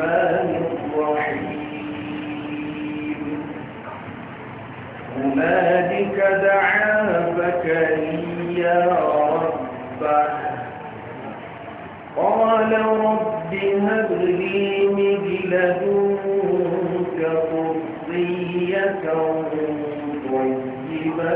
الرحمن الرحيم هنالك دعا بكريا ربه قال رب هب لي من لدنك قرية طيبة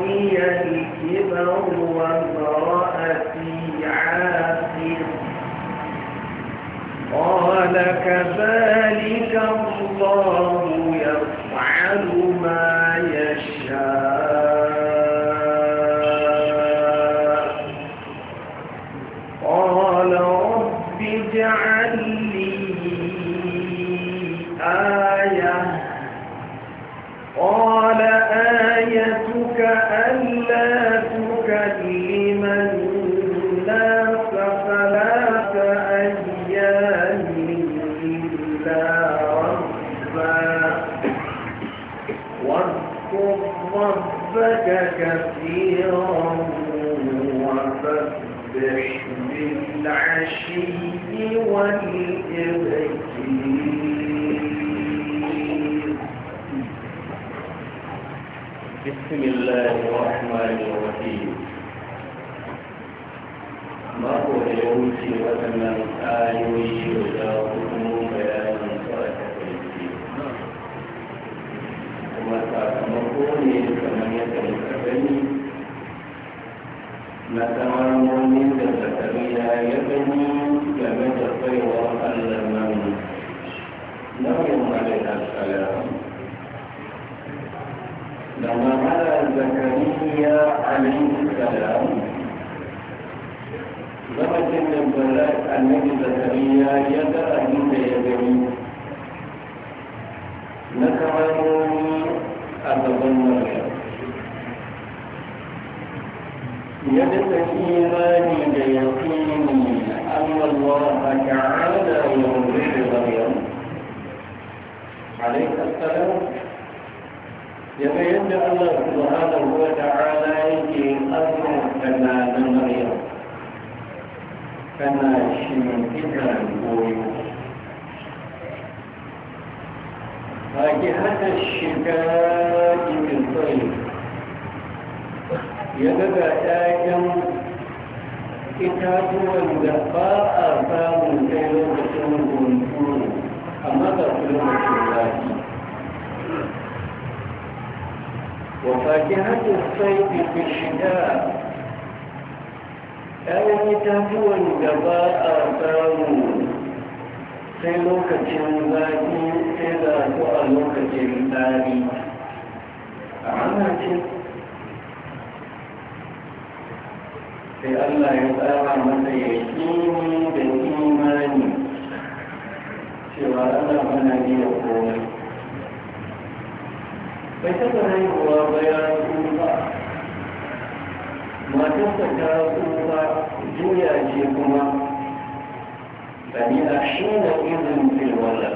ولي الكبر وامرأتي عاقر قال كذلك يدك إيماني بيقيني أن الله تعالى يرضي غيره عليك السلام يبين الله سبحانه وتعالى يجي أمر كما نمريه كما شمتنا بويه فاكهة الشتاء بالصيف ya daga ƴaƴan itatuwan da ba a samun kai lokacin gunturu amma ga su lokacin zafi wa fakihatu sayfi fi shida ƴaƴan itatuwan da ba a samu sai lokacin zafi sai za su a lokacin tsari a hannun sai Allah ya tsara masa ya kini da imani cewa Allah mana biya komai bai taɓa haihuwa ba ya tsufa matarsa ta tsufa juya ce kuma ɗabi'a shi na izin filwala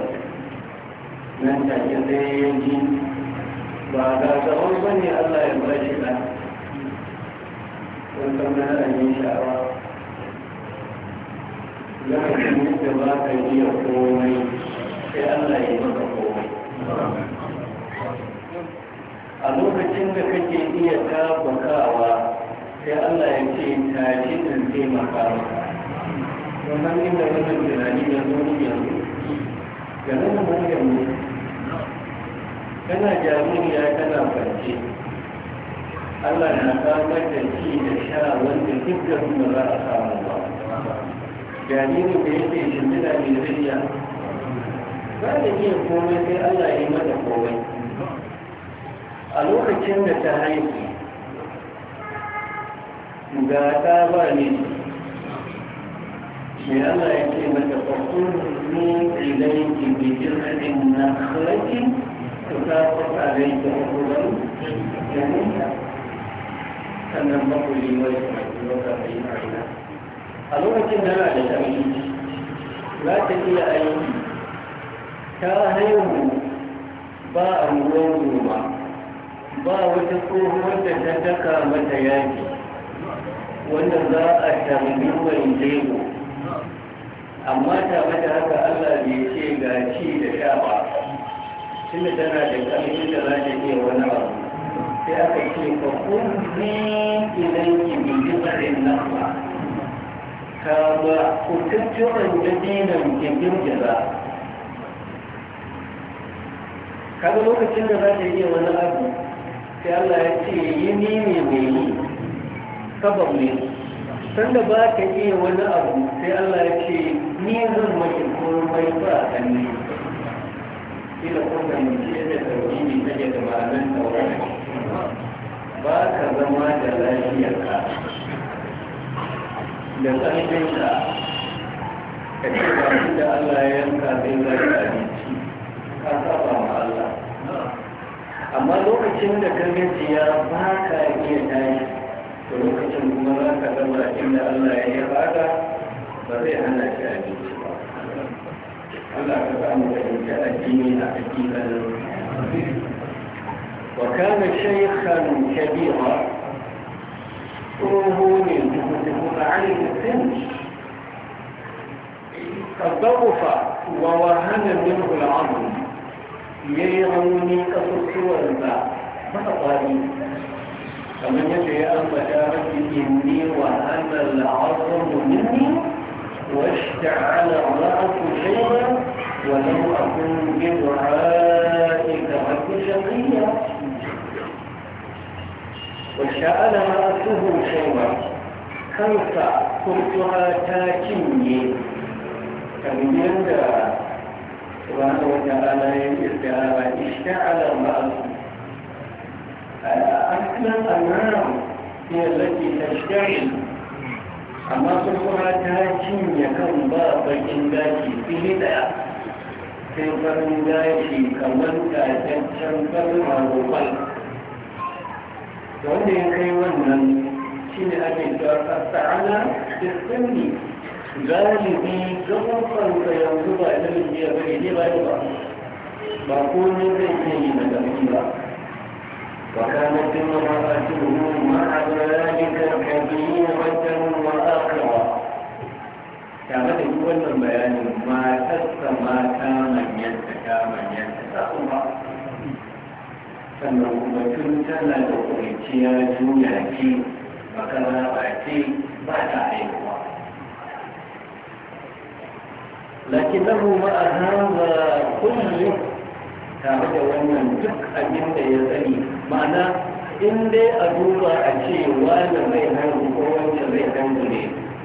nan take sai ya ji ba ga tsawon bane Allah ya bashi ɗan wancan na ranar sha'awa za ka yi da ba ka iya komai sai Allah ya maka komai a lokacin da kake iya tabbakawa sai Allah ya ce tashi da taimaka maka wannan inda wannan tunani da zuwa yanzu ga nan da yanzu kana jaruriya kana kwance Allah na samar da ci da sha wanda dukkan mu za a samu ba jaririn da yake shimfiɗa mai zuriya ba da iya komai sai Allah ya yi mata komai a lokacin da ta haihu ga ta ba ne mai Allah ya ce mata fasul ni ilaiki bi jirgin na halakin ta ta fasa rai da hukumar yanayya sannan makuli wani kuma ka yi aina a lokacin da na da ƙarfi za ta iya aiki ta haihu ba a ruwan ba. ba wata tsohuwar da ta taka mata yaki wanda za a tambi mai jego amma tare da haka allah bai ce ga ci da sha ba tunda tana da ƙarfi da za ta iya wani abu sai aka ce ka kunni ilayki bi jibrin nahwa ka ba ku tutturan dabinan jirgin jira kaga lokacin da za ta iya wani abu sai Allah ya ce yi ni ne mai yi sabab ne sanda ba ka iya wani abu sai Allah ya ce ni zan mace maki komai ba a kan ne ila kuma mai ce da tsauri ne da lafiyarka da ƙarfinka ka ce ba shi da Allah ya yanka zai zai abinci ka saba ma Allah amma lokacin da ka gajiya ba ka iya tashi to lokacin kuma za ka zama inda Allah ya yi baka ba zai hana shi abinci ba Allah ka samu da yanke addini a hakikalin وكان شيخا كبيرا هرمونين يكون عين السن تضعف ووهن منه العظم يرموني كصوت والباء فقالي فمن يجي أن بشارك إني وهن العظم مني واشتعل الرأس شيئا ولم أكن بدعائك رب شقيا sha'ada ma suhu shaiwa kansa kurtuwa ta cinye kamiyyar da wanda wata ala ya yi isra ba ishta'ala ma su a cikin tsanarar ya zafi ta shirya amma kurtuwa ta cinye kan ba bakin daji fili daya sai farin daji kamar da jancan farin wanda ya kai wannan shi ne ake cewa sa'ala da sunni galibi gabanfansa yanzu ba ta jiya ba ne ba ba ba komai zai iya yi na gafi ba وكانت امرأته مع ذلك كبيرة وآخرة tare da yi wannan bayanin matarsa mata manyanta ta manyanta ta kuma sannan kuma tun tana da kuriciya juya ce makara ba ce ba ta haihuwa lakinnahu ma a hanzara kullum tare da wannan duk abin da ya sani ma'ana in dai a duba a ce wanda zai haihu ko wanda zai haihu ne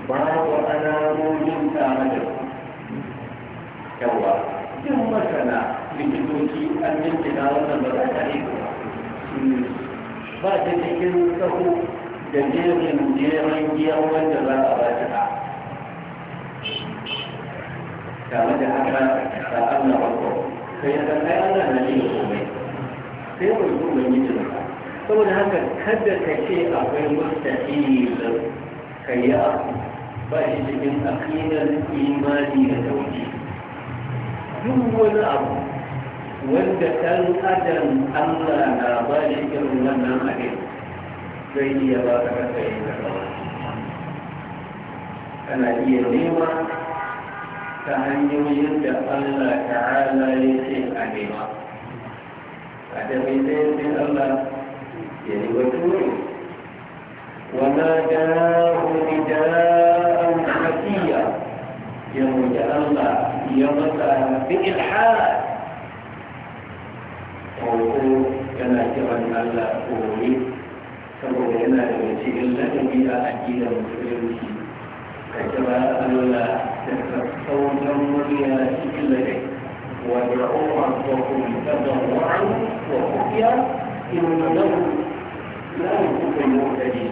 babu alamomin tare da su yawa yin masana likitoci an yanke na wannan ba za ta haihu ba ta cikin sahu da jerin jerin giyar wanda za a ba ta tare da haka da Allah wato sai ya san ai Allah na yi komai sai mu yi mun yi da saboda haka kada ka ce akwai mustahil kai ya ba shi cikin aqidar imani da tauhid duk wani abu wanda kan adam Allah na ba shi irin wannan abin zai iya ba ka kanka yin kana iya nema ta hanyoyin da Allah ta'ala ya ce a nema a taɓaitai sai Allah ya yi wa turi وما جاءه نداء حسيا يوم جاء الله يمسى بإلحاد Allah koyi saboda yana da cikin ladabi a aƙidar musulunci ka kira Allah da sassautan murya cikin ladabi wanda umar ko kuma tabbar wa'an ko kufiya inna lahu la mu yuhtadi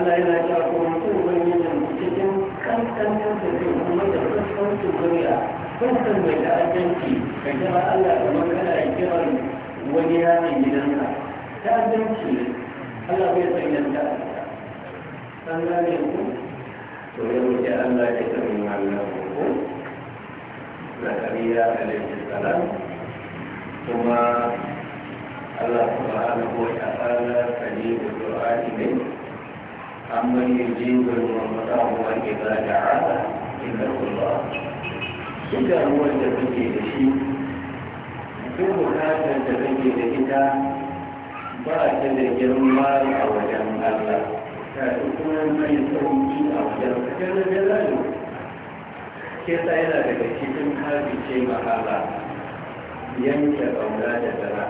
Allah yana cewa ko mutum ubangijin cikin kankanin da zai kuma da sassautan murya kankan mai ta'addanci ka kira Allah kamar kana kiran wani ya mai gidanka ta zanci Allah bai san yadda an gane ku to ya wuce Allah ya tafi wannan ko zakariya alaihi salam kuma Allah subhanahu wa ta'ala kani da du'a'i ne amma yujibu al-mutahu wa idza da'a inna Allah duk da ruwan da kuke da shi duk bukatar da kake da ita ba ta da girma a wajen Allah ta kuma mai sauki a wajen kasar da jalali ke yana daga cikin harbi ce mahala yanke ƙauna da tsara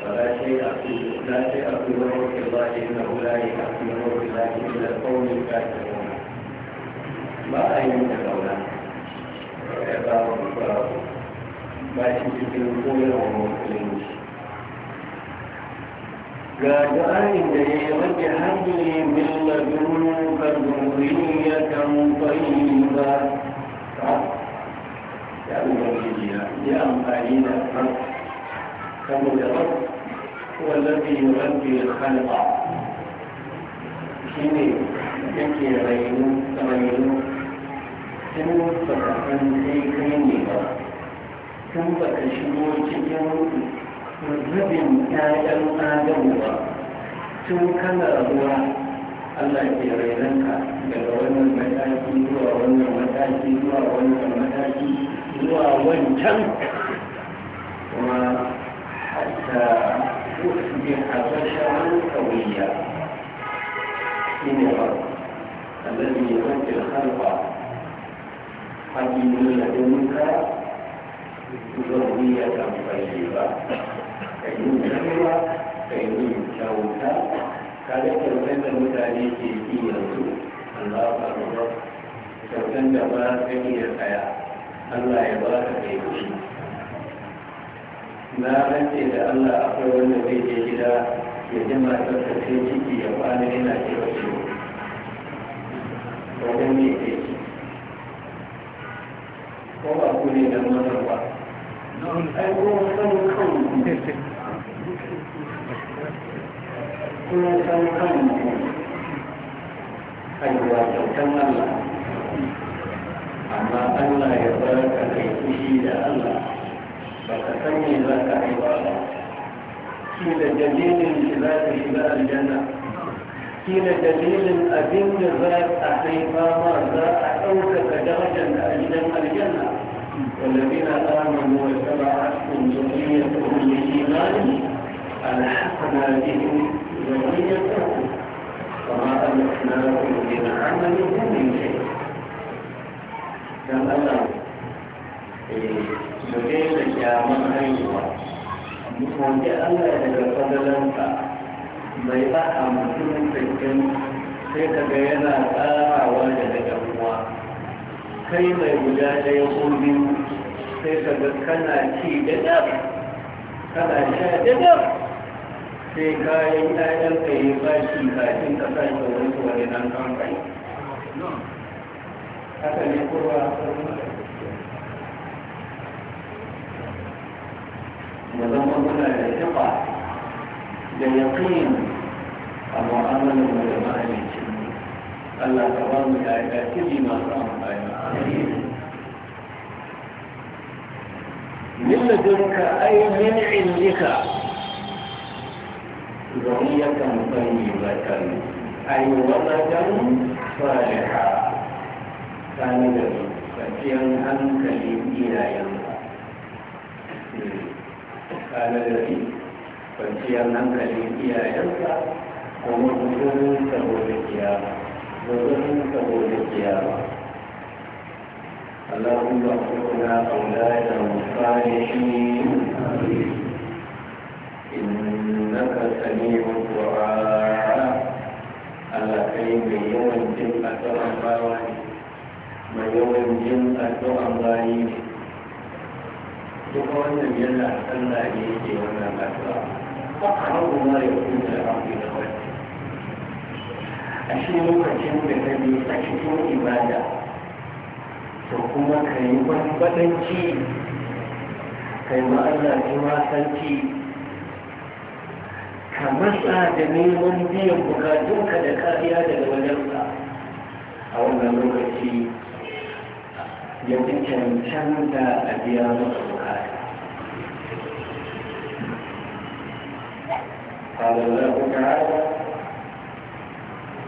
فلا شيء لا شيء في وجه الله انه لا يحكم وجه الله الا القوم الكافرون ما اين القول؟ لكن في الوصول أو المسلمين لا داعي ليرجع لي من لدنك ذرية طيبة يا أولي يا أمالين الرب كم الرب هو الذي يربي الخلق شيني يكي رينو ترينو سنو فتحن في كريمي sun ba ta shigo cikin zubin ƴaƴan adam ba tun kana rabuwa Allah ke rainanka daga wannan mataki zuwa wannan mataki zuwa wannan mataki zuwa wancan kuma hatta usbi habashan kawiya shine ba الذي يمثل خلقه حكيم لدنك kusurwi ya kamfani ba ka yi ruwa ka yi kyauta ka ga kyautar da mutane ke yi yanzu Allah ba ruwa kyautar da ba ka iya tsaya Allah ya ba ka kai kuɗi na rance da Allah akwai wanda zai je gida ya ji matar ta ciki ya kwana yana cewa ciwo wajen ne ke ko ba ku ne don mazan ba kuma san Allah amma Allah ya da Allah ba ka san me za ka ba da dalilin shi za ka da dalilin abin da za a haifa ma za a ɗaukaka darajar a gidan aljanna والذين آمنوا واتبعتهم ذريتهم بإيمان ألحقنا بهم ذريتهم وما ألحناهم من عملهم من شيء كما يجيبك يا من أيها مثل جعلنا إلى فضل أنت ضيقة أمتنك في الجنة سيتبين أثار وجدك kai mai guda da ya biyu sai ka ga kana ci da dab kana sha da dab sai kayan ɗayan ka yi bashi kafin ka sa shi wani wani nan kamfani haka ne kurwa da zama muna da taɓa da yaƙin a mu'amalar da ma'aikacin Allah ka ba mu ya ga kiji masu amfani min ladunka ay min indika zuriyatan tayyibatan ay wadan saliha sani da kwanciyar hankali iyayenka kana da kwanciyar hankali iyayenka kuma gudun saboda kiyama da zai yi saboda gaskiya ba Allahun ba su kuna kauda da musane shi inna ka sani wa ƙura Allah kai mai yawan jin addu'an bawa ne mai yawan jin addu'an bayi ne duk wannan yana sallah ne yake wannan addu'a ba a hau ma ya kuma da hau da wani a cikin lokacin da ka je a cikin ibada to kuma ka yi bambadanci ka yi ma'alla tumasanci ka matsa da neman biyan bukatunka da kariya daga wajensa a wannan lokaci ya fi cancanta a biya masa bukata قال الله تعالى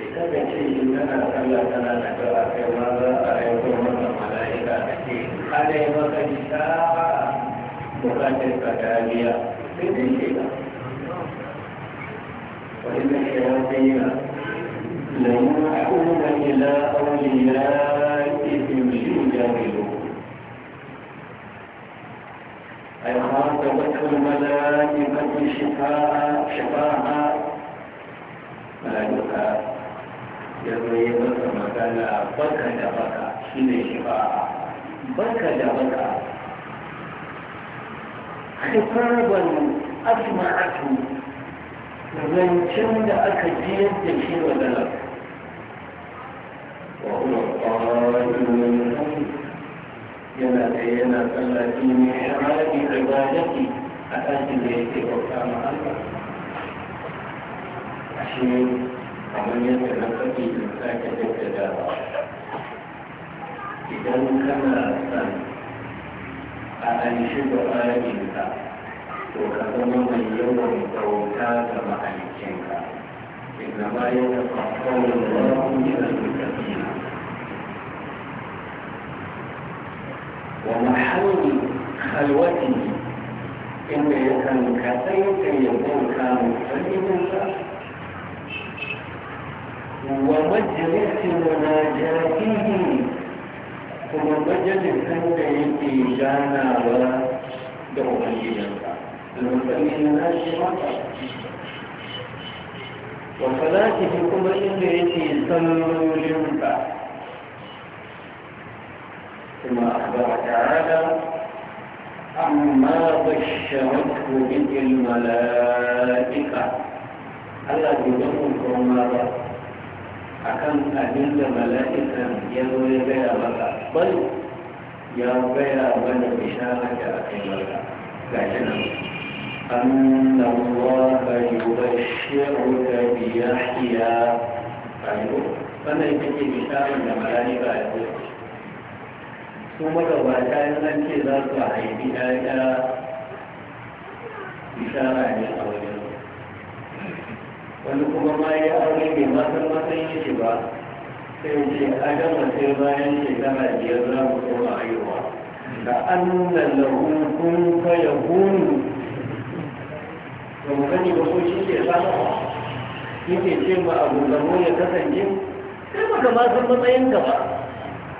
idan ka ce tana sallah tana da kara kai ma za a aiko masa mala'ika da ke ana yi masa ishara bukatar ka dariya sai dai ke da وإن الشياطين ليوحون إلى أوليائهم ليجادلوك أي خاطبت الملائكة شفاعة شفاعة ملائكة ya zo ya masa magana baka da baka shi ne shi ba baka da baka khifaban asma'atu zancen da aka ji yadda shi magana wa huwa qa'imun yana da yana tsallaci ne shara'i ibadati a ɗakin da yake bauta ma Allah ashe kamar yadda na faɗi da sake jaddadawa idan kana son a an da bayaninka to ka zama mai yawan bauta ga da إنما يتفقون الله من المتقين ومحل خلوته إن يكن كثيرا يكون كامل فلمن الله ومجر مناجاته ثم مجد الحمد في جانا و وصلاته كما التي صلوا جنبا ثم أخبر تعالى أما بشرته به الملائكة الذي يقول كما akan abin da ya zo ya gaya maka bal ya gaya wanda bishara da aka yi maka ga shi nan أن ya يبشرك بيحيى أيوه فأنا يتكي ce za su haifi ɗaya bishara ne a wajen wani kuma ma ya aure bai matan matan yi shi ba sai ce a gama sai bayan shekara biyar za mu koma aiwa da an nuna lahukun fa kaya hunu ba mu gani ba ko shi ke sama ke ce ma abu mu ya kasance sai baka ma san matsayin ka ba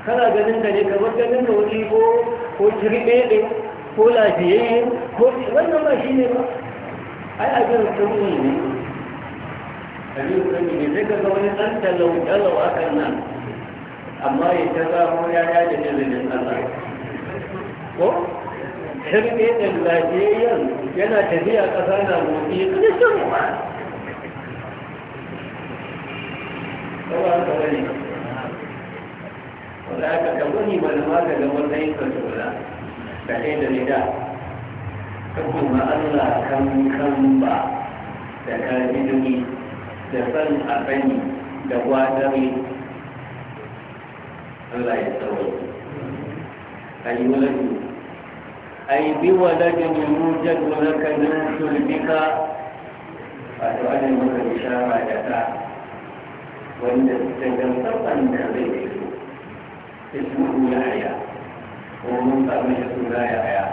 kana ganin ka ne kamar ganin ka wani ko ko kirɓe ko lafiyayye ko wannan ba shi ne ba ai abin sun ne kamin kudi ne zai ga zaune ɗan talau-talau a kan nan amma ya ta zamo ya ya da izinin Allah ko shirke ɗin lafiyayyen yana tafiya ƙasa na motsi da shirwa kawai haka wani wanda aka ga wani malama ka ga wannan ka tura ka kai da nida ka kuma Allah kan kan ba da ka ji da sani a sani da gwadari Allah ya tsawo a yi wulatu ai bi wadatin yujad laka min sulbika wato ana maka bishara da ta wanda ta gamsaban da zai fito ismuhu ya haya ko mun samu shi suna ya haya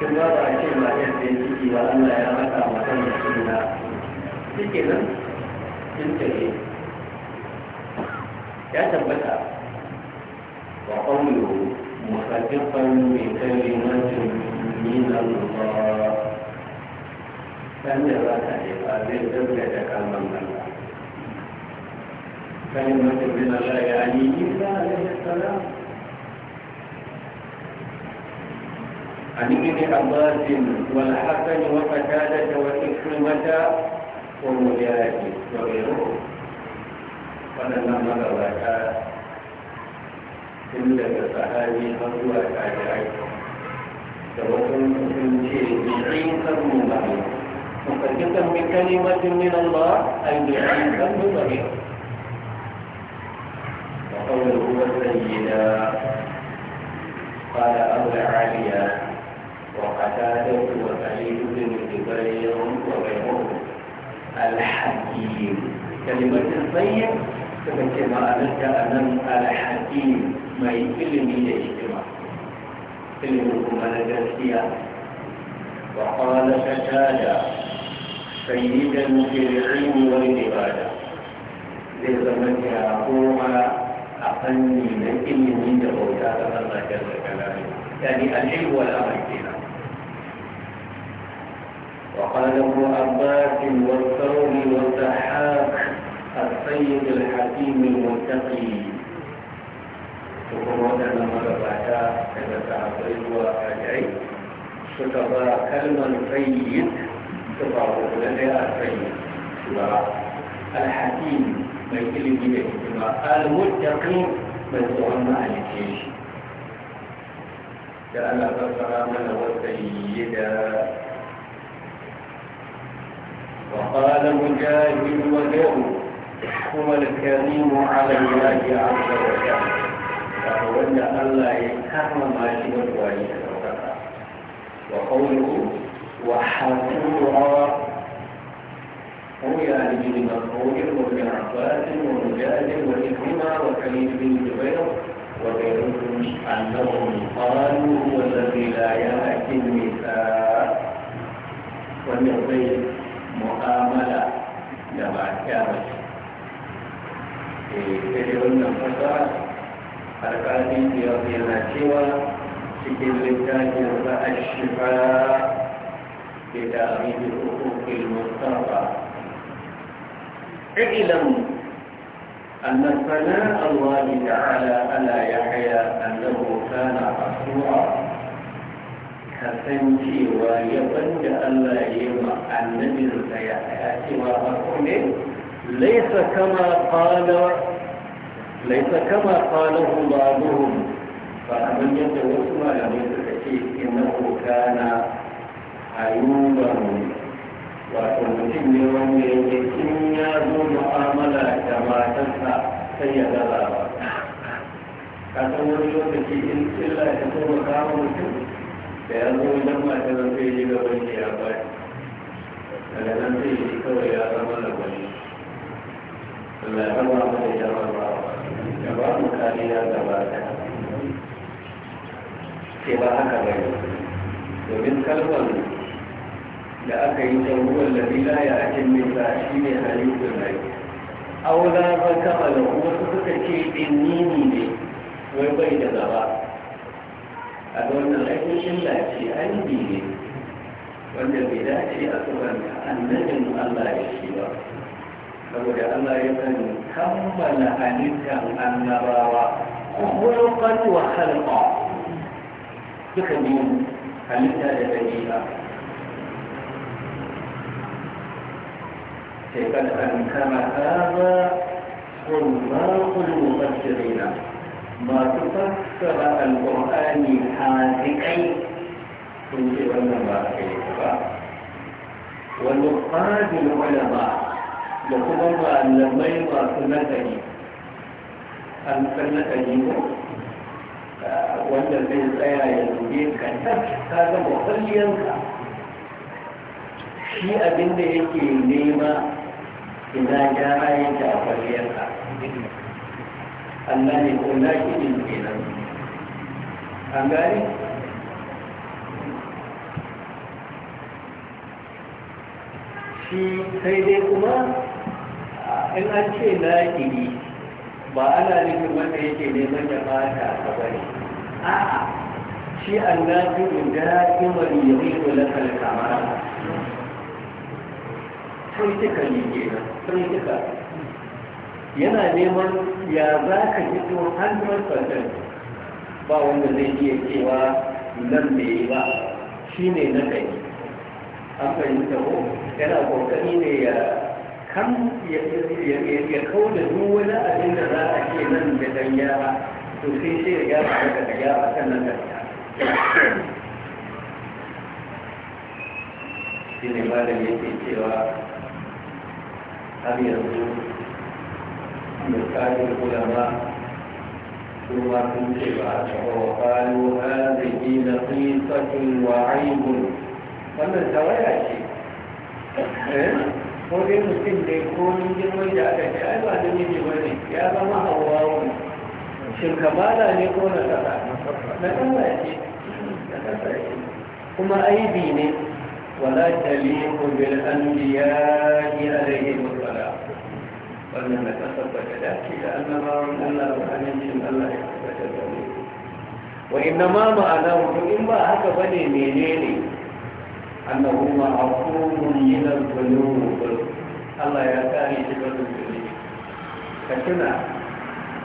kin ba ba ce ma yadda yake ba Allah ya raka maka mutum suna suke nan sun tare ya tabbata wa mafafin musaddiƙan mai kalimatin minan ba sanda za ta haifa zai gaggata kalmar Allah kalimatin minan Allah ya ni isa alaihi salam عن ابن عباس والحسن وقتادة وإكرمة yaƙi da rero waɗannan magabata tun zuwa da ce min an ba أبو العالية وقتادة وسعيد بن جبير وغيره الحكيم كلمة الطيب ما معناتك أن الحكيم ما يكلم إلى اجتماع كلمكم على جرسية وقال سيدا في العلم والعبادة لزمت يعقوب أقل من كل من الله جل جلاله يعني العلم والأمر فيها وقال ابن عباس والثور والضحاك السيد الحكيم المتقي وكما ودنا مربعتا إذا تعطيه وأجعي شكرا كلمة سيد تفاوض لديها السيد الحكيم mai ilimi da hikima al-muttaqi mai tsoron ma'alike shi da Allah fassara وقال مجاهد وجهه هو الكريم على الله عز وجل فهو ان الله يكرم ما شئت وان وقوله وحفورا روي يعني عن ابن مسعود وابن عباس ومجاهد وإكرمة وسعيد بن جبير وغيرهم أنهم قالوا هو الذي لا يأتي النساء والمغيب mu'amala da ba ta ba ce ta da wannan fasara alƙalin ya yana cewa cikin littafin za a shiga da ta'amidin hukukin mustafa اعلموا أن الثناء الله تعالى على يحيى أنه كان قصورا kasancewa yaban da Allah ya yi ma annabinsa ya cewa farko ne laisa kama qala laisa kama qalahu ba'dhum ba abin yadda wasu malamai suka ce innahu kana ayuban wato mutum ne wanda ya yake in ya zo mu'amala da matarsa sai ya gaza ba kasan wani lokaci in illa ya zo mutum da ya zo idan ta zan zai yi gaban shi ya bai, daga nan zai yi kawai ya zama da wani Allah ya zama mu da jama'a da ba mu kariya gaba da ke ba haka bai domin kalmar da aka yi ta ruwan labila ya ake nisa shi ne halittar rai aula ba kama da wasu suka ce ɗin nini ne wai bai da gaba أدون الأجل التي أنبيه والنبي ذاتي أتوان أنه الله يشيوه فبدأ الله يبنى كم من أنكم أن نراه خلقا وخلقا بكم من أنكم أن نراه خلقا وخلقا ba masu fassara alƙur'ani haziƙai sun ce wannan ba a kai ba wani fadin ulama da kuma malamai masu nazari an san nazari ne wanda zai tsaya ya zube ka ta zama kwalliyanka shi abinda yake nema ina gyara yake a kwalliyarka Allah ne ko laki ne kenan an gane shi sai dai kuma in an ce laki ba ana nufin wanda yake neman da fata a bari. a'a shi Allah ne yi yamiru lakal kamara sai cika ne kenan sai cika. yana neman ya za ka fito hannun sandan ba wanda zai iya cewa nan da yi ba shi ne na kai an fahimta ko yana kokari ne ya kan ya kau da duk wani abin da za a ce nan da dan yara to sai sai ya gyara daga yara kan nan da shi ne da yake cewa har yanzu بكاد العلماء ثم كنت بعشر وقالوا هذه نقيصة وعيب wannan tawaya ce eh? ko dai mutum dai ko mun ji da aka ce ai ba da miji ba ne ya zama hawawa ne shin kamala ne ko na kasa na kasa ce kuma aibi ne wala taliqu bil anbiya'i alayhi wannan na kasar ba ta dace da annabawan Allah ba amincin Allah ya tabbata da mu wa inna ma ma'ana to in ba haka bane menene annahu ma'afumun min al-dhunub Allah ya kare shi daga zunubi ka tuna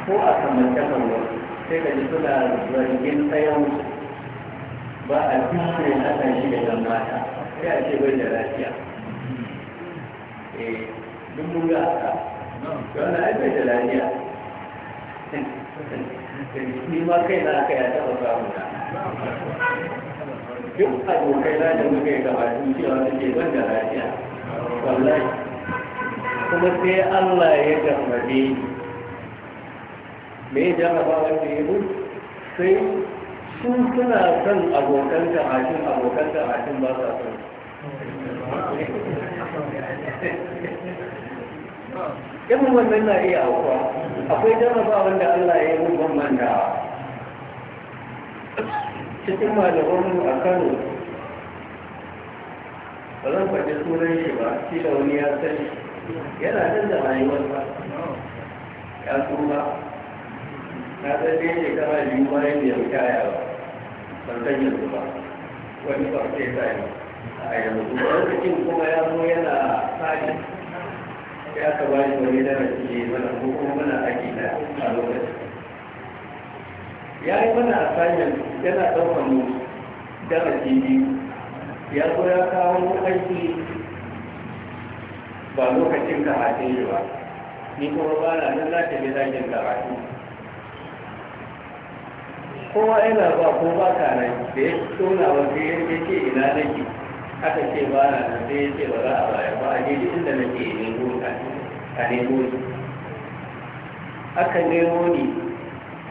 ko a samartakan wasu sai ka ji suna zargin tsayon ba a tushe a kan shi da yan sai a ce bai da lafiya eh duk mun ga wanda ai bai da lafiya ni ma kai na aka ya taɓa samu na duk abokai na da muka yi gabatu cewa suke ban da lafiya wallahi kuma sai Allah ya garbabe ni me ya jarraba wanda ya mutu sai sun suna son abokan tamashin abokan tamashin ba sa son irin wannan na iya aukuwa akwai jarraba wanda Allah ya yi rubon manta cikin malamanmu a kano ba zan faɗi sunan shi ba shi da wani ya sani yana nan da rayuwar ba ya kuma na tsaye shekara biyu bayan da ya wuce ya ba ban san yanzu ba wani farfesa ne a yanzu lokacin kuma ya zo yana sajin sai aka ba shi wani darasi ne mana ko kuma mana aƙida a lokacin ya yi mana assignment yana ɗaukar mu darasi biyu ya zo ya kawo aiki ba lokacin karatun shi ba ni kuma ba na nan za ta bi zakin karatu kowa yana ba ko ba ka nan da ya tona wa ya ce ina nake aka ce ba na nan sai ce ba za a bayar ba a daidai inda nake nemo a nemo ni aka nemo ni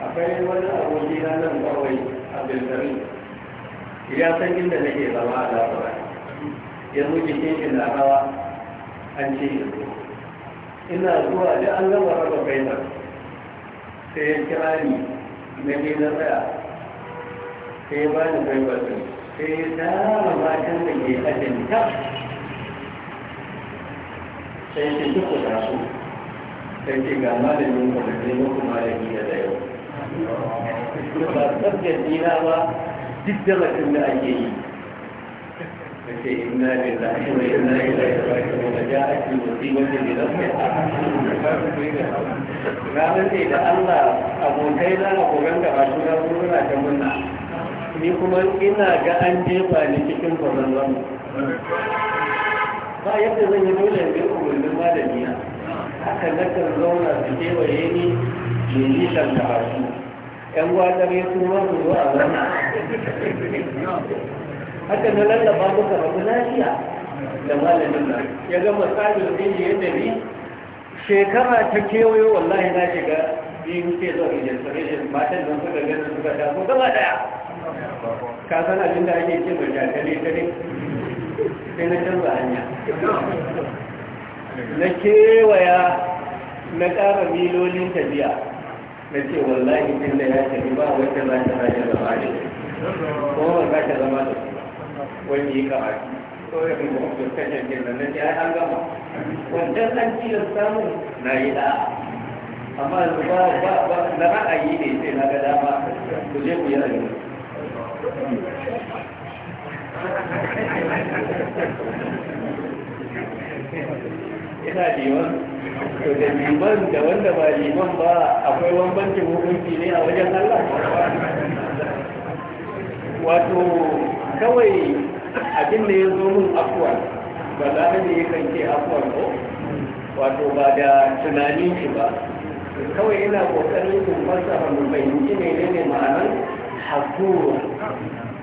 akwai wani aboki na nan kawai a bilkarin ya san inda nake zama a lafura Ya jikin shi na hawa an ce ina zuwa da an gama raba kaina sai ya kira ni na ke na tsaya sai ya bani kainar sai ya tsara matan da ke ajin ta sai ya ce duk da su sai ce ga malamin ku da zai muku malami da da yau ba tsabtar dina ba duk da mutum da ake yi kace inna lillahi wa inna ilaihi raji'un da ja'at musibatu bi nafsiha na rantse da Allah abokai na abokan gaba su da suna ta munna ni kuma ina ga an jefa ni cikin kwanan ba yadda zan yi dole ne umarnin malami na haka na kan zauna su kewaye ni ne yi shan karatu yan gwadar ya kuma su zo a zama haka na lallaba muka rabu lafiya da malamin nan ya gama tsarin zai yi yadda ni shekara ta kewayo wallahi na shiga biyu ke zo rijistar matan don suka gani suka damu gaba daya Kasan abin da ake ce mai jakale tare sai na canza hanya na kewaya na ƙara milolin tafiya na ce wallahi tun da ya tafi ba wata za ta zama da ba ne ko ba za ta zama da wani yi kama ko ya fi mafi kashin na nan ce yi an gama wancan an ciyar samun na yi da amma ba ba ba na ra'ayi ne sai na ga dama ku je ku yi rayuwa ina liman to da liman da wanda ba liman ba akwai wambancin hukunci ne a wajen Allah wato kawai abin da ya zo mun afuwa ba za a ne kan ke afuwa ko wato ba da tunani shi ba kawai ina kokarin in fasa ba mu fahimci ne ne ma'anar hakura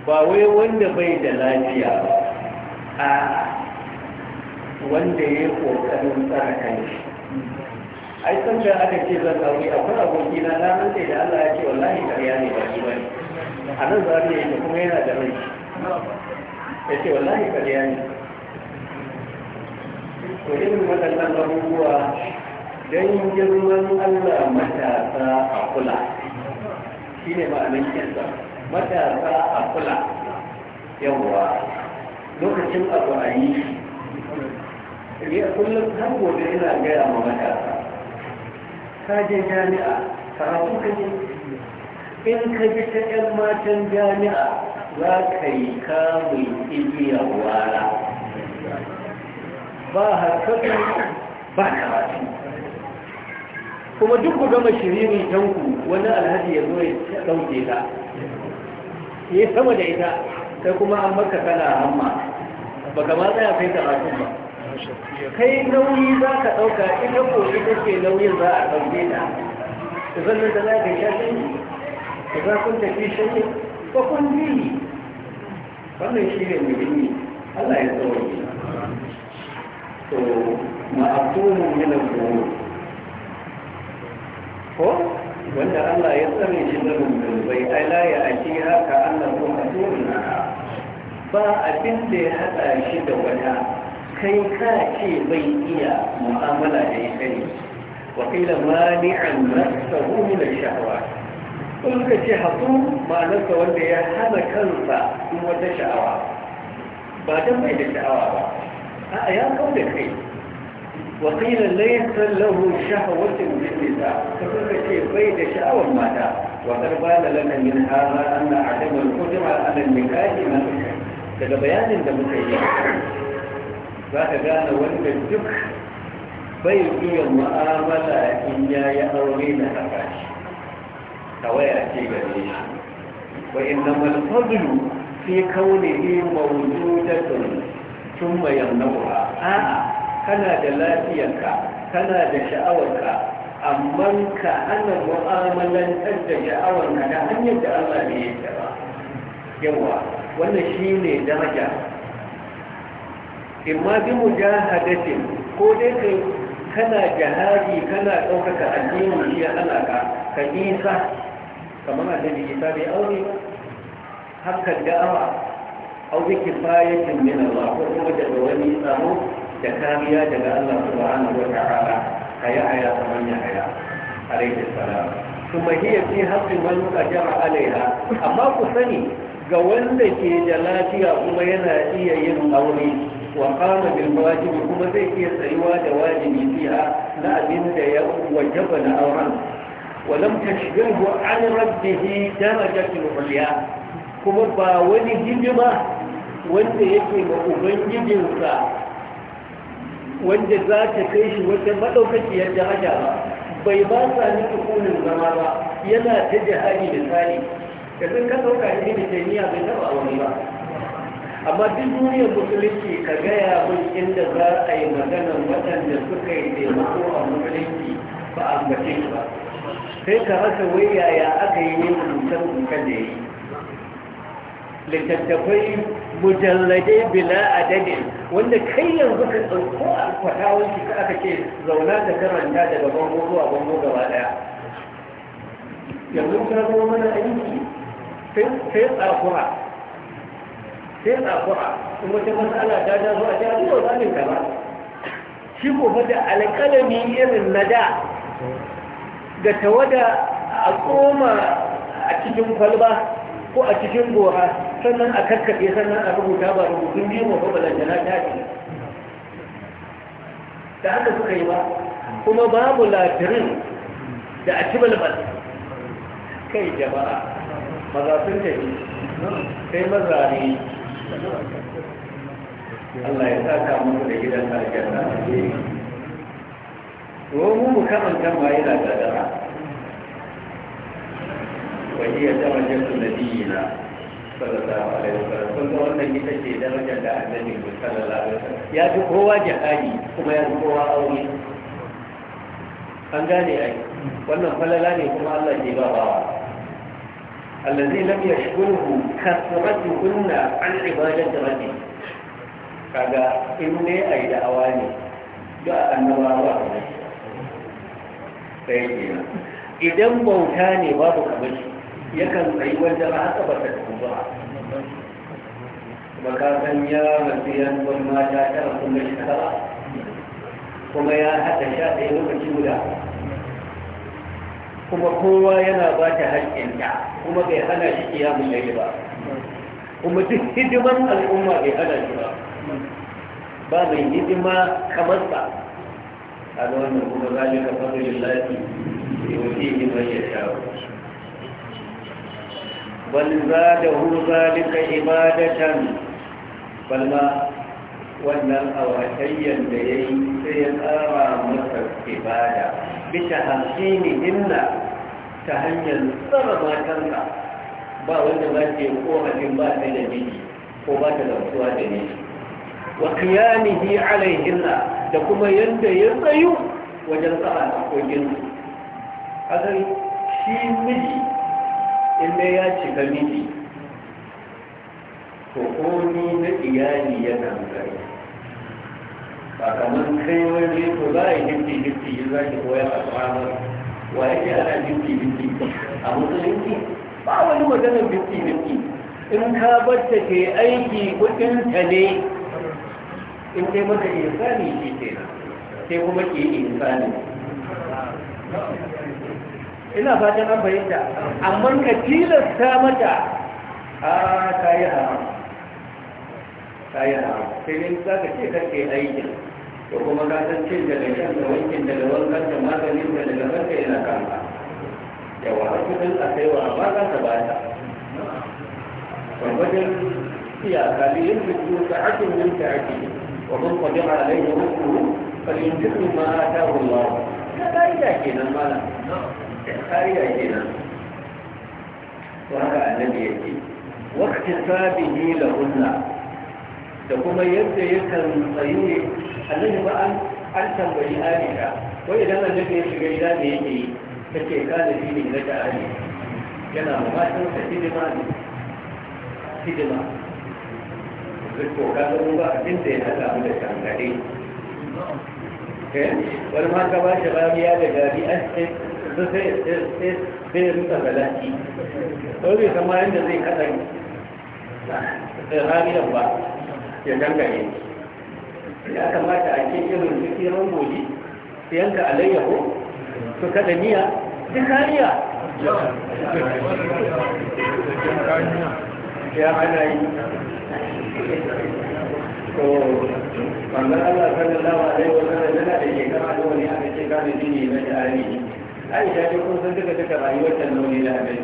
ba wai wanda bai da lafiya a wanda ya yi ƙoƙarin tsara kanshi ai san da aka ce zan aure akwai aboki na na nan da Allah ya ce wallahi ƙarya ne ba shi bane a nan za ne yi kuma yana da rai ya ce wallahi ƙarya ne to ne waɗannan abubuwa don girman Allah matasa a kula shi ne ma'anar kinsa matasa a kula yawwa lokacin abu a yi shi kullum har gobe ina gaya ma matasa ka je jami'a karatu ka je in ka bi ta 'yan matan jami'a za ka yi kamun igiyar wara ba harkatu ba karatu kuma duk ku gama shiriri tanku wani alhaji ya zo ya ɗauke ta ne sama da ita sai kuma an maka kana hamma ba kama tsaya kai karatun ba kai nauyi za ka ɗauka ita ko ita ce nauyin za a ɗauke ta ta zannin da za ka sha shi ta za kun tafi sanyi Ko kun ji wannan shi ne muhimmi Allah ya tsoro to ma'akumu yana ko wanda Allah ya tsare shi da zunubai ai ya aki haka Allah ko hasurin ba abin da ya haɗa shi da wata kai ka ce bai iya mu'amala da ita ne wakila mani'an nafsahu min ash kun ka ce hasum ma'anarsa wanda ya hana kansa in wata sha'awa ba dan bai da sha'awa ba a'a ya kau da kai وقيل ليس له شهوة للنساء فكل شيء بيد شهوة مدى وقد قال لنا من هذا أن عدم الحجم على النكاح من كذا بيان انت متعين فهذا قال وانت الجك بيد المآملة إن جاء أورين هكاش توايا كيف تجيش وإنما الفضل في كونه موجودة ثم يمنعها آه kana da lafiyarka kana da sha'awarka amma ka ana mu'amalan da sha'awarka da hanyar da Allah ne ya ba. yawa wannan shine daraja imma bi mujahadatin ko dai ka kana jihadi kana ɗaukaka addinin shi ya ana ka ka isa kamar annabi isa bai aure hakan da'awa au bi kifayatin min Allah ko kuma daga wani tsaro da kariya daga Allah subhanahu wa ta'ala haya haya kamar ya haya alaihi salam kuma hiya fi haqqi man qadara alaiha amma ku sani ga wanda ke da lafiya kuma yana iya yin aure wa qama bil wajib kuma zai iya tsayuwa da wajibi fiha na abin da ya wajaba na auren ولم تشغله عن ربه درجة عليا kuma ba wani hidima wanda yake ma ubangijinsa wanda za ta kai shi wata maɗaukakiyar daraja ba bai ba sa ni hukunin zama ba yana ta jihadi da tsari da sun ka ɗauka ne da taimiya bai taɓa wani ba amma duk duniyar musulunci ka gaya mun inda za a yi maganar waɗanda suka yi taimako a musulunci ba a ambace shi ba sai ka rasa wai yaya aka yi yin rubutan kuka da yi littattafai mujalladai bila adadin wanda kai yanzu ka ɗauko a fatawun shi aka ce zauna da karanta daga bango zuwa bango gaba ɗaya yanzu ka zo mana aiki sai tsakura sai tsakura in wata matsala ta ta zo ta zuwa zamin ka ba shi gobe da alƙalami irin na da ga tawada a tsoma a cikin kwalba ko a cikin gora sannan a karkace sannan a rubuta ba rubutun biyu ma ko balantana ta ce da haka suka yi ba kuma babu latirin da a ci balbal kai jama'a maza sun tafi sai maza ne Allah ya sa ta musu da gidan aljanna. Wani mu kamanta ma na gadara. وهي درجة نبينا صلى الله عليه وسلم كنت وانا يتشي درجة النبي صلى الله عليه وسلم يا هو جهادي كما يا هو أولي an gane ai wannan falala ne kuma Allah ke ba bawa allazi lam yashkurhu kasratu kunna an ibadati rabbi kaga in ne ai da awani ga annabawa sai kenan idan bauta ne babu kamar shi yakan tsayi wajen haka ba ta tuba ba ka san ya rasu yan ta mata tara kuma shekara kuma ya haɗa sha ɗaya lokaci guda kuma kowa yana ba ta haƙƙinta kuma bai hana shi kiyamun yayi ba kuma duk hidiman al'umma bai hana shi ba ba mai hidima kamar sa a da wannan kuma zalika fadlillahi yusihi man yasha bal zadahu zalika ibadatan bal ma wannan awatayyan da ya yi sai ya tsara masa ibada bisa hamsini hinna ta hanyar tsara matanka ba wanda ba ce korafin ba sai da miji ko ba ta gamsuwa da miji wa qiyamihi alaihinna da kuma yadda ya tsayu wajen tsara hakokin su asali shi miji in dai ya cika miji to komi na iyali yana gari ba kamar kai wani to za a yi hifti hifti yi za ki koya a kwanar wa yake ana hifti hifti a musulunci ba wani maganar hifti hifti in ka bata ke aiki ta ne in kai mata insani shi ke sai kuma ke insani ina fatan an fahimta amma ka tilasta mata a ta yi haram ta yi haram sai ne za ka ce karke aikin ko kuma ka san cin daga shan da wankin daga wankan da maganin da daga kanka yana kanka yawa har kudin a kai wa amma za ta bata wajen iyaka ne yin fito ta hakin yin ta hakin wajen kwaje a alayyar wasu falin jikin ma ta rullawa ya ka'ida kenan malam kariya kenan to haka annabi yake waqti sabihi lahunna da kuma yadda yakan tsayu ne annabi ba an an tambayi Aisha wai idan annabi ya shiga gida me yake yi take kana shi ne da Ali yana mamakin sa hidima ne hidima ko ka ga ba abin da ya hada da tangare eh wani ma ka ba shi rariya da gari an sun sai ya rinka galaki ɗaure kama yadda zai kaɗan rariyar ba ya dangane ya kamata a ke irin su kiran su yanka alayyaho su kaɗa miya su kariya ya hana yi ko wannan allah sallallahu alaihi wasallam yana da shekara da wani aka ce gane jini na jari aisha ce kun san duka duka rayuwar talloli da abin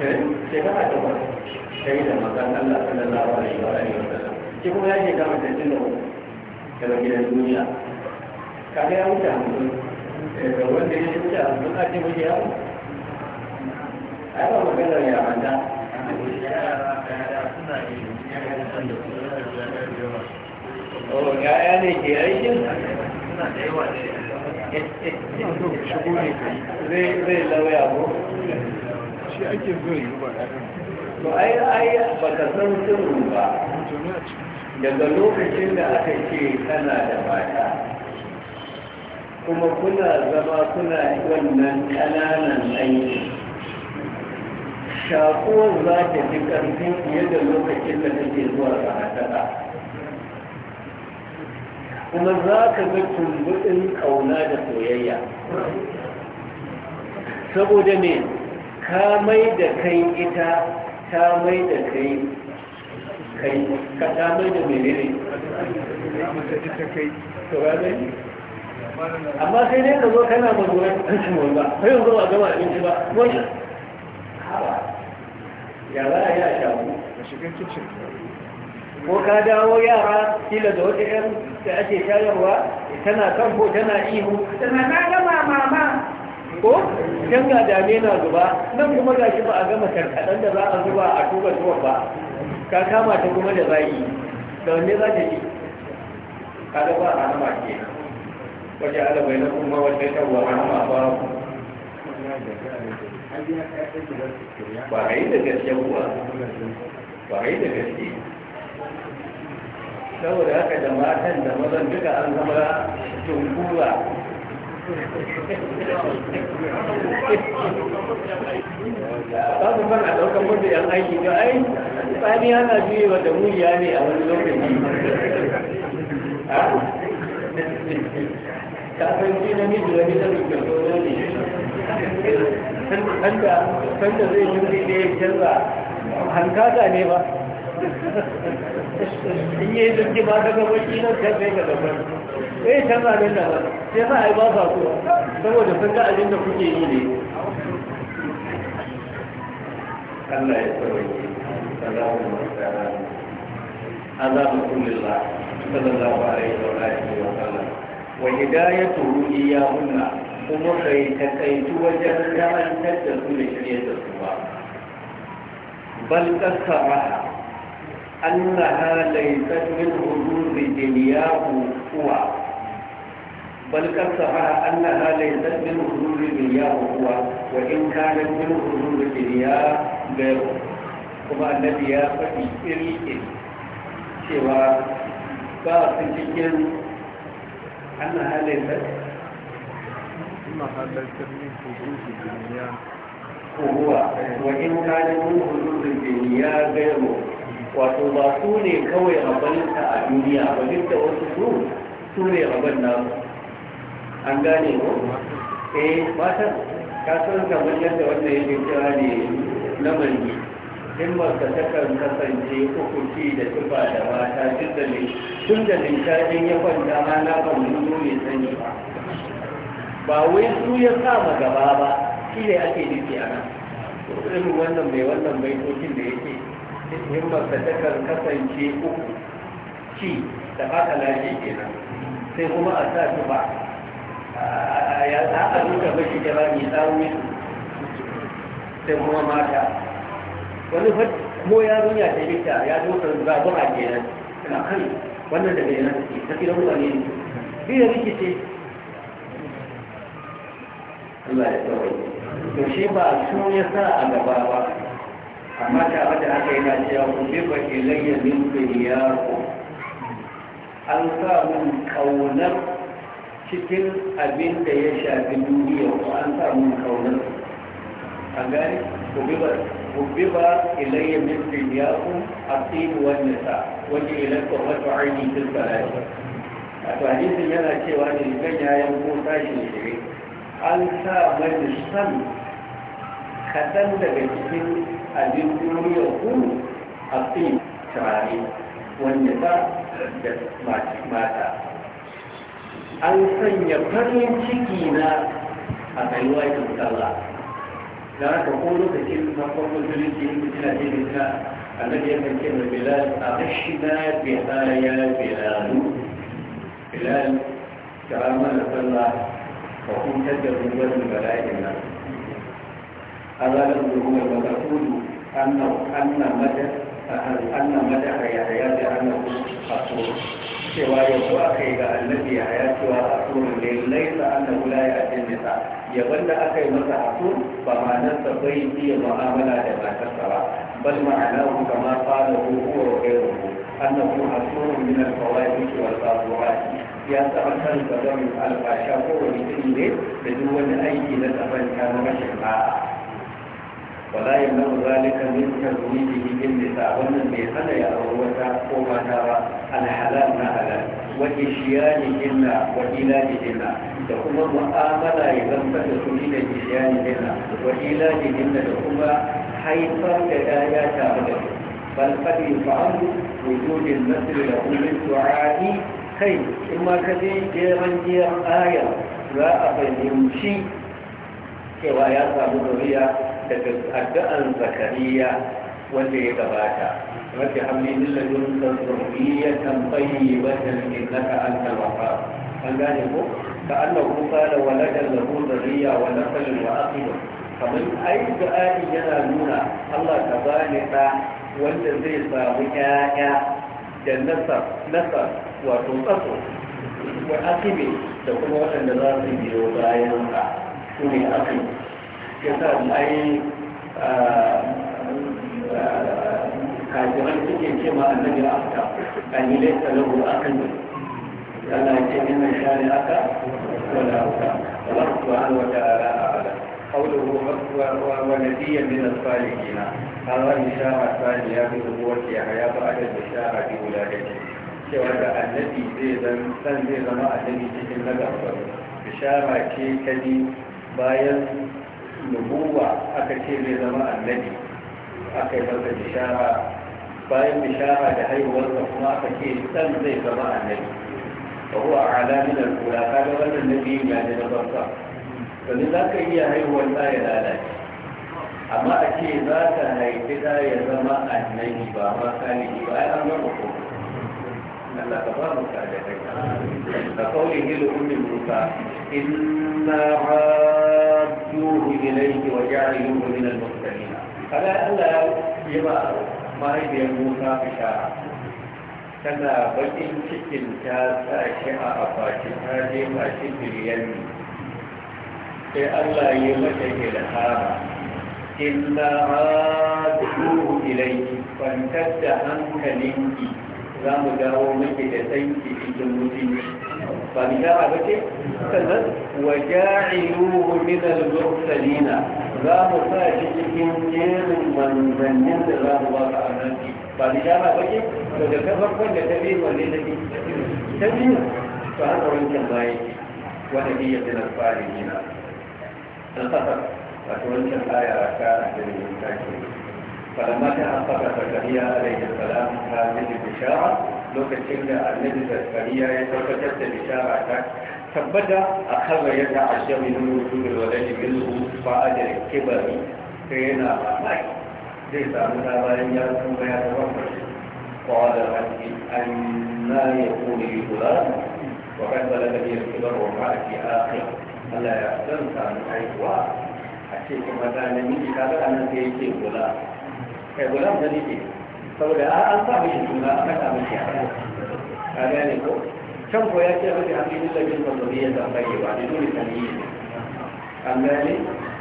eh, shekara ta kwan kai da mazan allah sallallahu alaihi wa alihi wa sallam kuma ya shekara ta jin daga gidan duniya kaga ya wuce hamsin da eh, wanda ya wuce hamsin a ce muke yawo a yawan maganar ya manta Oh, ya ne ke aikin? Suna da yawa ne. zai lauya ko shi ake zo yi ba to ba ka san ba daga lokacin da aka ce tana da mata kuma kuna zama kuna wannan ƙananan aiki shakuwar za ta fi ƙarfi fiye da lokacin da take zuwa ga kuma za ka ga tumbuɗin ƙauna da soyayya saboda ne ka mai da kai ita ta mai da kai kai ka ta mai da mai ne amma sai dai ka zo kana mazura cikin ba kai yanzu ba gama abinci ba wani ya za a yi a shabu a shigar kicin ko ka dawo yara kila da wata yan da ake shayarwa tana ko tana ihu tana na gama mama ko can ga dame na zuba nan kuma ga shi ba a gama karkaɗan da za a zuba a tuba zuwa ba ka kama ta kuma da zai da wanne za ta yi ka da ba a nama ke wajen alamai na kuma wajen tabuwa a nama ba ba a yi da gaske kuwa ba a yi da gaske saboda haka da matan da mazan duka an zama tunkura ba su fara daukan mutu yan aiki to ai tsani yana biyu wa da ne a wani lokaci kafin ji na miji wani ke kyautar ne sanda zai yi ne canza hankata ne ba in yi ba daga baki nan ta kai ga gaban eh ta ba da sai ba ai ba ba ku saboda sun ga abin da kuke yi ne Allah ya tsare sallallahu alaihi wa sallam azab kullillah sallallahu alaihi wa sallam wa hidayatu iyahunna kuma kai ta kai wajen karantar da su da shirye da su ba bal kasara أنها ليست من حدود دنياه هو بل قد صح أنها ليست من حدود دنياه هو وإن كانت من حدود دنياه غيره كما الذي يا فقي إريئه سوى باس جدا أنها ليست وهو من دنياه هو وإن كانت من حدود دنياه غيره wato ba su ne kawai rabaninka a duniya ba duk da wasu su su ne raban nasu an gane ko eh matan ka san kamar yadda wannan yake kira ne lamari in ba ka takan kasance hukunci da tuba da mata duk da ne tun da littafin ya kwanta ma na ban nuno ne sani ba ba wai su ya sama gaba ba shi ne ake nufi a nan irin wannan mai wannan baitocin da yake himmarsa kan kasance uku ci da fata lafi kenan sai kuma a sa su ba ya za a duka mashi da mai tsawon sai kuma mata wani ko ya duniya ta bita ya duka zuwa a kenan suna kan wannan daga yana ta fi ruwa ne biyu da rikice Allah ya tsawai Yaushe shi ba su ya sa a gaba ba amma ta wata aka yi na cewa ku jefa ilayya min ku. an sa mun kaunar cikin abin da ya shafi duniya ko an sa mun kaunar a gani ku biba ilayya min ku a tsini wani sa wani ilaka wata aini tilka lafi a tuhadisin yana cewa ne kan yayan ko tashi ne an sa mai san kaɗan daga cikin abin duniyar ku a fi turare wanda ba da mata an sanya farin ciki na a kaiwa yin sallah da haka ko lokacin farkon musulunci in mutum na jirgin ka annabi ya kanke da bilal a rashida bi haya bilalu bilal ta mana sallah ka hutar da ruwan bala'in nan azabar da kuma da ba tudu annan mata annan mata da annan kusur cewa yau ko ga annabi a ya cewa a tunu ne lai da annan gula ya ce ne ta yabon da aka yi masa a tun ba nan sa bai yi ya ma'amala da matarsa ba bal ma'ana ku kama fara hukuwa wa kai ku annan ku a tunu min alfawa ya fi wa sabuwa ya tsara kan gaban alfasha ko wani ne da duk wani aiki na tsaron kyanar mashin ba'a wala yi na ƙura duka min tarzuni da yin nisa wannan mai hana ya aro wata ko mata ba alhalal na halal wani shiya ne jinna wani la ne jinna da kuma mu'amala ya zanta da su ne ne shiya ne jinna wani da kuma haifar da ɗaya ta da su falfadi fa'amu wujudin nasiru da kuma su'ani kai in ma ka jiyar aya za a fahimci cewa ya samu zuriya daga addu'an zakariya wanda ya gabata rabbi hamdi lilladun tasriyatan tayyibatan innaka antal wahhab an gane ko ka annahu qala waladan lahu zariya wa nasalun wa aqib kamar ai du'ani yana nuna Allah ta bani da wanda zai samu ƴaƴa da nasar nasar wato tsatso wa aqibi da kuma waɗanda za su biyo bayan ka su ne aqibi yasa ai kafiran suke ce ma annabi afta kan yi laisa lahu akan yana ce ina shari aka wala aka Allah subhanahu wa ta'ala a'ala قوله ونبيا من الصالحين هذا بشارة ثانية بنبوة يحيى بعد البشارة بولادته سوى النبي زيدا سن زيدا ما النبي cikin na gaba bishara ce kadi bayan nubuwa aka ce zai zama annabi aka yi masa bishara bayan bishara da haihuwarsa kuma aka ce dan zai zama annabi fa huwa a min al-ula kaga wannan nabi ya ne na farko za ka iya haihuwar ta ya lalace amma a ce za ka haifi ta ya zama annabi ba ma kalibi ba ai an gama ko Allah ka ba mu kada kai ka kauli hilu ummin musa inna radduhu ilayhi wa ja'aluhu min al-mustaqim kada Allah ya ba mahaifiyar Musa bishara tana bakin cikin ta sa a akwati ta je ba shi sai Allah ya mata ilhama inna radduhu ilayhi kwantar da hankalinki za mu dawo miki da sanki cikin ba bishara ba ce sannan waja'iluhu min al-mursalina za mu sa shi cikin jerin manzannin da za mu ba ka annabi ba bishara ba ce to da ka farkon da ta biyu wanne da ta biyu to haka wancan baya ce wanda bi ya zina fari nina wato wancan aya ta da ne ta ce فلما كان صدق زكريا عليه السلام هذه البشارة لو كتبنا النبي زكريا يتوكلت بشارة فبدا أخذ يتعشى من وجود الولد منه فأدى الكبر فينا معي ليس أمنا بأن يكون بها توفر قال رب أنا يكون لي غلام وقد بلغني الكبر وامرأتي آخر ألا يحزنك عن أيها أشيك مثلا مني هذا أنا سيكون غلام kai gulam da ne saboda an sa mishi suna an kasa mishi a gane ko can ko ya ce mafi hamdin lalabin mazuriya da bai ba da dole saniyi an gane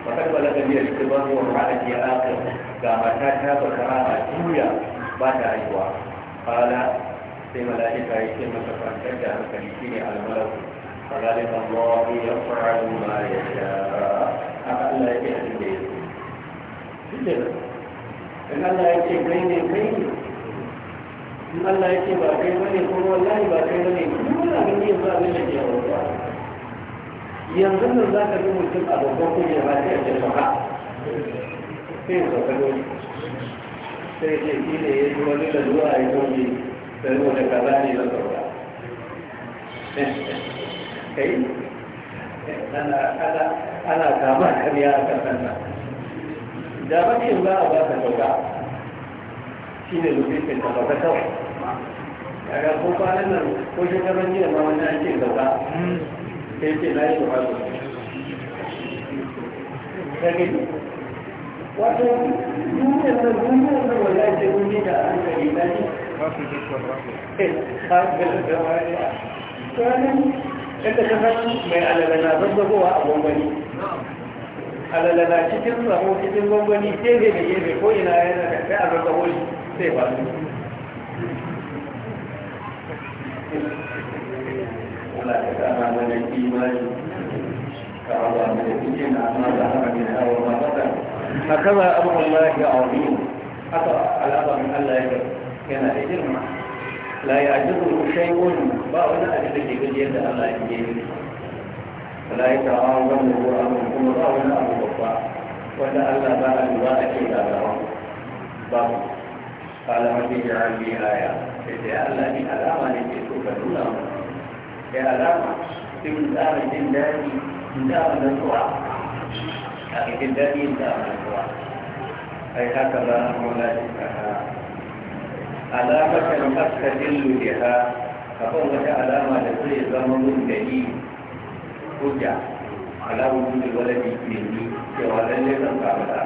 wakar ba lagar biyar shi ba zuwa ra'ad ya aka ga mata ta bakara a juya ba ta haihuwa kala sai mala'ika ya masa kwantar da hankali shi ne almalaku فذلك الله يفعل ما يشاء هذا لا يأتي به in Allah ya ce kai ne kai ne in Allah ya ce ba kai ba ne kuma wallahi ba kai ba ne kuma abin da yanzu abin da ke yawa yanzu nan za ka ga mutum a babban kuje ba sai a jirgin sauka sai ya sauka dole sai ce shi ne ya ji wani da zuwa ya da sai wata kaza ne na sauka kai ana ana kama kariya a kasan nan da mace ba a ba ta shi ne lokacin da ba ta kawai daga ko kwanan nan ko shi ban jiya ma wani ake kyauta sai ce na yi kyauta wato duniyar nan duniyar nan wani ake duniya da an gari na ne ba su ji kwanan eh, yadda ta san mai alalana zazzagowa a gwangwani alala na cikin samu cikin gwangwani gefe da gefe ko ina yana tafiya a zarga wani sai ba su Allah ta kama mana imani ka Allah mai cikin na amma da haka ne a wa mafata hakama abubuwan lafi a wani haka alaba min Allah ya yana da girma la ya jiru shay'un ba wani abin da ke gajiyar da Allah ya yi فلا يتعاون ظنه أمركم الله ولا أبو الله ولا ألا باء الواء إلا له باب قال ربي اجعل لي آية فتألا لي ألاما لتسوك دون أمر يا ألاما في الآن جن داري دار النسوع أخي جن داري دار النسوع أي هكذا ملائكها علامة تستدل بها فقوة علامة لكل زمن دليل hujja ala wujud waladi bihi cewa lalle kan ka mata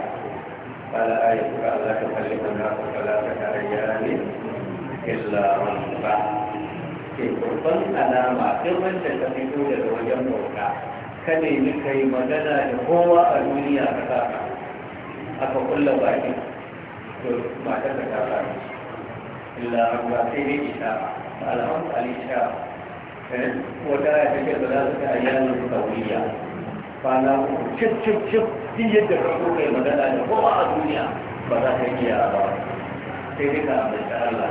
قال آية فلا تكلف ka فلا تتعيان ne? من ba, ke kurban alama kirman wanda ta fito daga wajen bauta ka ni ka yi magana da kowa a duniya ka ka aka kulla ki to mata ka ta saka illa an ba sai dai isha ba alhamdu alisha وترى ثلاثة أيام سوية فأنا شف شف شف في يد الرسول المدنة هو الدنيا فلا تجي يا أبا تلك أمر الله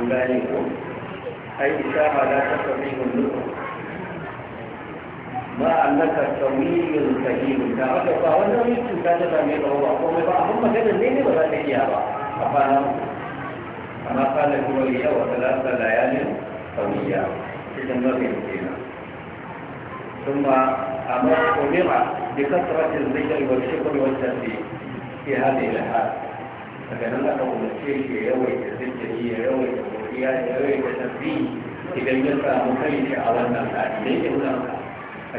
يبالغون أي لا تستطيع النصر ما أنك سوي كثير كعبد الله وأنا يمكن كان تميل هو قوم بعضهم كان الليل ولا تجي يا أبا أما قال هو لي وثلاثة ليال سوية cikin nazarin kenan sun ba a mako mera da kasar cikin zikin wani wancan da ke hada ya hada a ganin aka wace ke yawai ya yawai da kuriya ya yawai da tafi idan ya samu kai shi a wannan sa'adi da ya wuna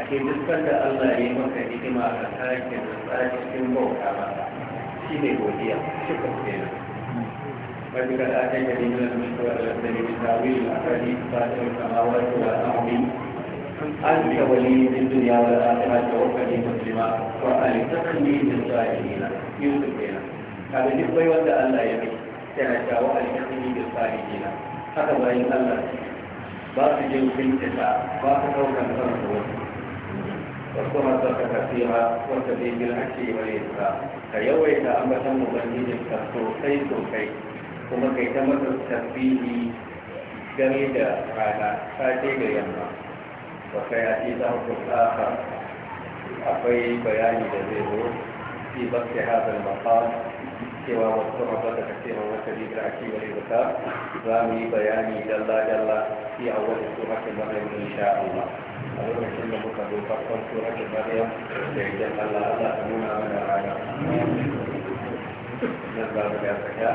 a ke jiskan da allah ne maka hikima a kasar cikin bauta ba shi ne godiya shi ربك آتيتني من الملك وألزمتني بتأويل الأحاديث فاتر السماوات والأرض أنت ولي في الدنيا والآخرة توفني مسلما وألزمني بالصالحين يوسف بينا هذا نبغي ولا ألا يبي تنشا وألزمني بالصالحين haka bayan Allah ba su jin bincika ba su ɗaukar kan wasu واذكر ربك كثيرا وتبين بالعشي واليسرى فيويت امه مبنيه كالسوقي سوقي kuma kai ta masa tasbihi game da rana safe da yamma ba kai a ci zan kusa akwai bayani da zai zo fi ke hazal mafa cewa wasu rabata ka ce wa ta bi ake wani bata za mu yi bayani dalla dalla fi awwal suratul yi insha Allah a lokacin da muka zo farkon mara maryam da jan Allah Allah ta nuna mana rana nan za mu ga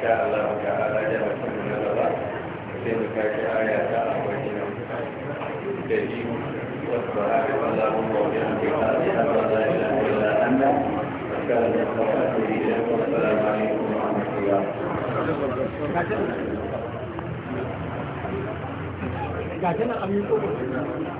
sha Allah ga alajar aya ta akwai ne a yi lafiya da Allah kan da kuma